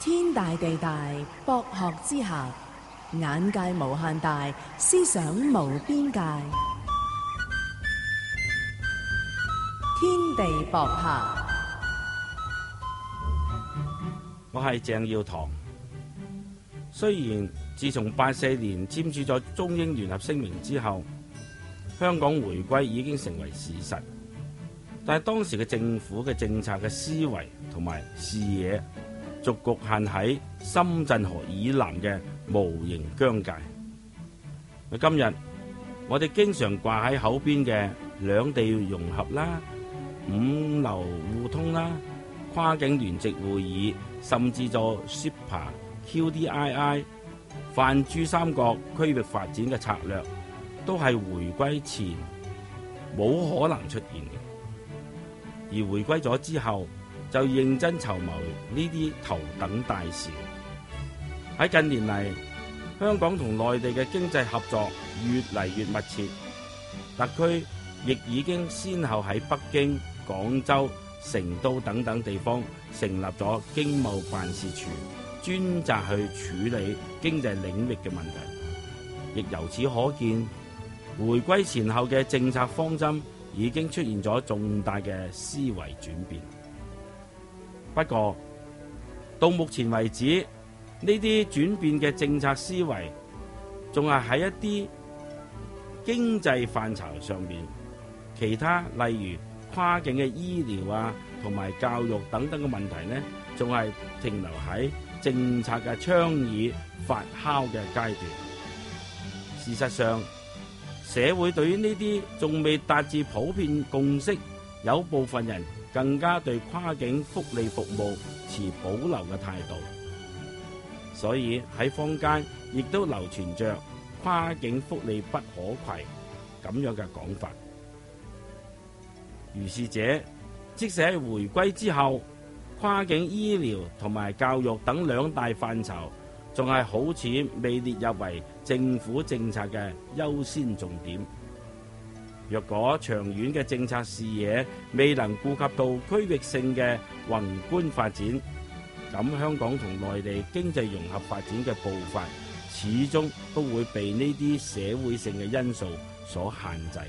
天大地大，博學之下，眼界無限大，思想無邊界。天地博客，我係鄭耀棠。雖然自從八四年簽署咗中英聯合聲明之後，香港回歸已經成為事實，但係當時嘅政府嘅政策嘅思維同埋視野。逐局限喺深圳河以南嘅無形疆界。今日我哋經常掛喺口邊嘅兩地融合啦、五流互通啦、跨境聯席會議，甚至做 Super QDII 泛珠三角區域發展嘅策略，都係回歸前冇可能出現嘅，而回歸咗之後。就認真籌謀呢啲頭等大事。喺近年嚟，香港同內地嘅經濟合作越嚟越密切，特區亦已經先後喺北京、廣州、成都等等地方成立咗經貿辦事處，專責去處理經濟領域嘅問題。亦由此可見，回歸前後嘅政策方針已經出現咗重大嘅思維轉變。不過，到目前為止，呢啲轉變嘅政策思維，仲係喺一啲經濟範疇上面。其他例如跨境嘅醫療啊，同埋教育等等嘅問題呢，仲係停留喺政策嘅倡議發酵嘅階段。事實上，社會對於呢啲仲未達至普遍共識，有部分人，更加對跨境福利服務持保留嘅態度，所以喺坊間亦都流傳着「跨境福利不可攜」咁樣嘅講法。如是者，即使喺回歸之後，跨境醫療同埋教育等兩大範疇，仲係好似未列入為政府政策嘅優先重點。若果長遠嘅政策視野未能顧及到區域性嘅宏觀發展，咁香港同內地經濟融合發展嘅步伐，始終都會被呢啲社會性嘅因素所限制。